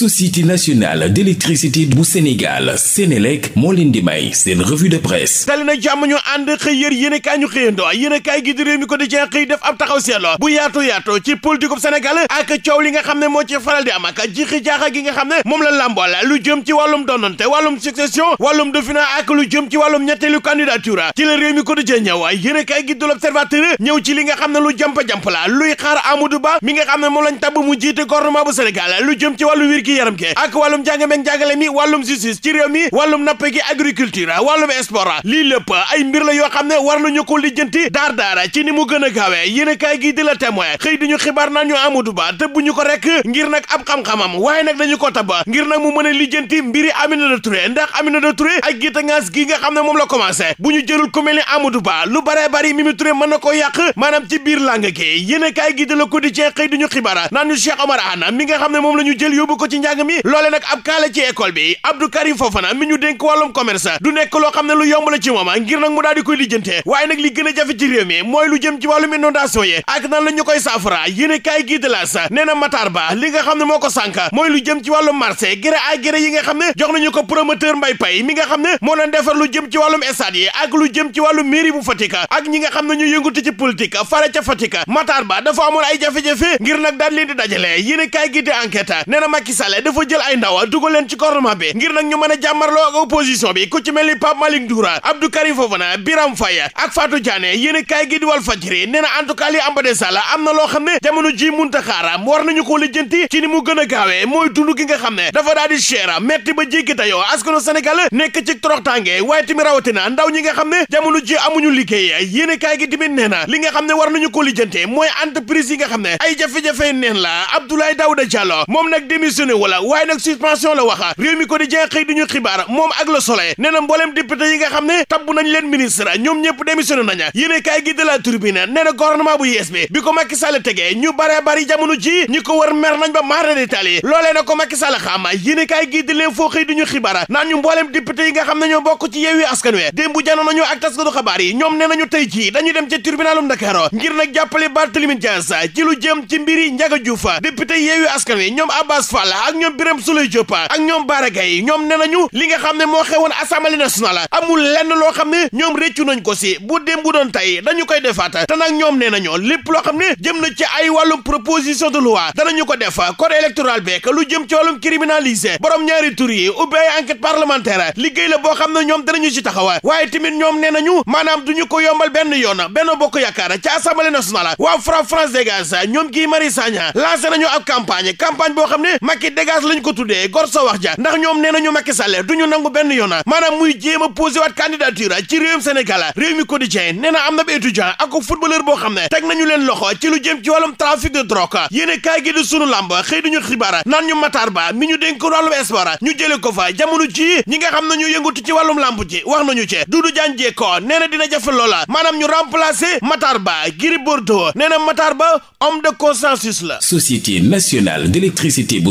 société nationale d'électricité bu Sénégal Sénélec moo leen di may seen revue de presse dali jàmm ñu ànd xëy yër yéenekaay ñu xëyando yéenekaay gi di Rewmi Quotidien xëy def ab taxaw seetlo bu yaatu yaatu ci politique bu Sénégal ak coow li nga xam ne moo ci faral di am ak jixi jaaxa gi nga xam ne moom la làmbool lu jëm ci wàllum donante wàllum succession wàllum dauphinat ak lu jëm ci wàllum ñetteelu candidature ci la Rewmi Quotidien ñëw yéenekaay gi di L'Observateur ñëw li nga xam ne lu jamp-jamp la luy xaar Amadou Ba mi nga xam jëm ci wàllu wér wér-gi yaram gi ak wàllum njàng meeg njàngale mi wàllum justice ci réew mi wàllum napp gi agriculture wàllum sport lii lépp ay mbir la yoo xam ne war nañu ko lijjanti daar daara ci ni mu gën a gaawee yéen a kaay gi di la témoin xëy diñu xibaar naan ñu Amadou Ba tëbb ñu ko rek ngir nag ab xam-xamam waaye nag dañu ko tabba ngir nag mu mën a lijjanti mbiri Aminata Touré ndax Aminata Touré ak na ko yàq maanaam ci biir làng a nga xam ne moom la ñu jël yóbbu ko ci njàng mi loole nag ab kaala ci école bi Abdou Karim Fofana mi ñu dénk wàllum commerce du nekk loo xam ne lu yomb la ci mooma ngir nag mu daal di koy lijjante waaye nag li gën a jafe ci réew mi lu jëm ci wàllum inondation yi ak nan la ñu koy saafara yéen kaay gii de laas nee na Matar Ba li nga xam ne moo ko sànk mooy lu jëm ci wàllum marché gré à gré yi nga xam ne jox nañu ko promoteur Mbaye Pay mi nga xam ne moo doon defar lu jëm ci wàllum stade ak lu jëm ci wàllum mairie bu ak ñi nga xam ne ñu yëngatu ci politique fare ca Fatick Matar Ba dafa amoon ay jafe ngir nag daal leen di dajale yéen kaay gii di enquête nee na Macky Sall jël ay ndaw dugal leen ci gouvernement bi ngir nag ñu mën a jàmmarloo ku ci mel ni Pape Malick Ndoura Abdou Karim Biram Faye ak Fatou Diané yéen a gi di Walf Fadjri nee na en tout am na loo xam ne jamono ji munta xaara war nañu ko lijjanti ci ni mu gën mooy dund gi nga ne dafa daal di cher metti ba jéggi tayoo askanu Sénégal nekk ci torox tànge waaye tamit rawatina ndaw ñi nga ne jamono ji amuñu liggéey ne waaye nag suspension la waxa réew mi ko di jeex xëy duñu xibaar moom ak Le Soleil nee na mbooleem yi nga xam ne tabbu nañ leen ministre ñoom ñëpp démissionné naña yéene kaay gi de la Tribune nee na bu yees bi bi ko Macky Sall tegee ñu bare bari jamono ji ñi ko wër mer nañ ba maara détaali loolee na ko Macky Sall xam yéene kaay gi de leen foo xëy duñu xibaar naan ñu mbooleem député yi nga xam ne ñoom nee nañu ci tribunalum Askan Wi ñoom Abbas Fall ak ñoom Birame Souleye Diop ak ñoom Bara Gaye ñoom nee nañu li nga xam ne moo xewoon assemblée nationale amul lenn loo xam ne ñoom réccu nañ ko si bu dem bu doon tey dañu koy defaat te nag ñoom nee nañu lépp loo xam ne jëm na ci ay wàllum proposition de loi danañu ko def code électoral beek lu jëm ci wàllum criminalisé borom ñaari tur yi ubbi ay enquête parlementaire liggéey la boo xam ne ñoom danañu ci taxawa waaye tamit ñoom nee nañu maanaam duñu ko yombal benn yoon benn bokk yaakaar ci assemblée nationale waa Fra France Dégage ñoom kii nañu ab campagne campagne boo xam ne Macky léegi dégage ko tuddee gor sa wax ja ndax ñoom nee nañu Macky Sall du ñu nangu benn yoona maanaam muy jéem a posé waat candidature ci réewum Sénégal réew mi quotidien nee na am na étudiant ak footballeur boo xam ne teg nañu leen loxo ci lu jëm ci wàllum trafic de drogue yéen kaay sunu làmb xëy duñu xibaar naan ñu Matar Ba mi ñu dénk wàllum espoir ñu jële ko fa jamono ji ñi nga xam ne ñu yëngutu ci wàllum làmb ji wax nañu ci Doudou na dina jafe loola maanaam ñu remplacer Matar Ba Gris Bordeaux nee na Matar Ba homme de consensus la société nationale d'électricité bu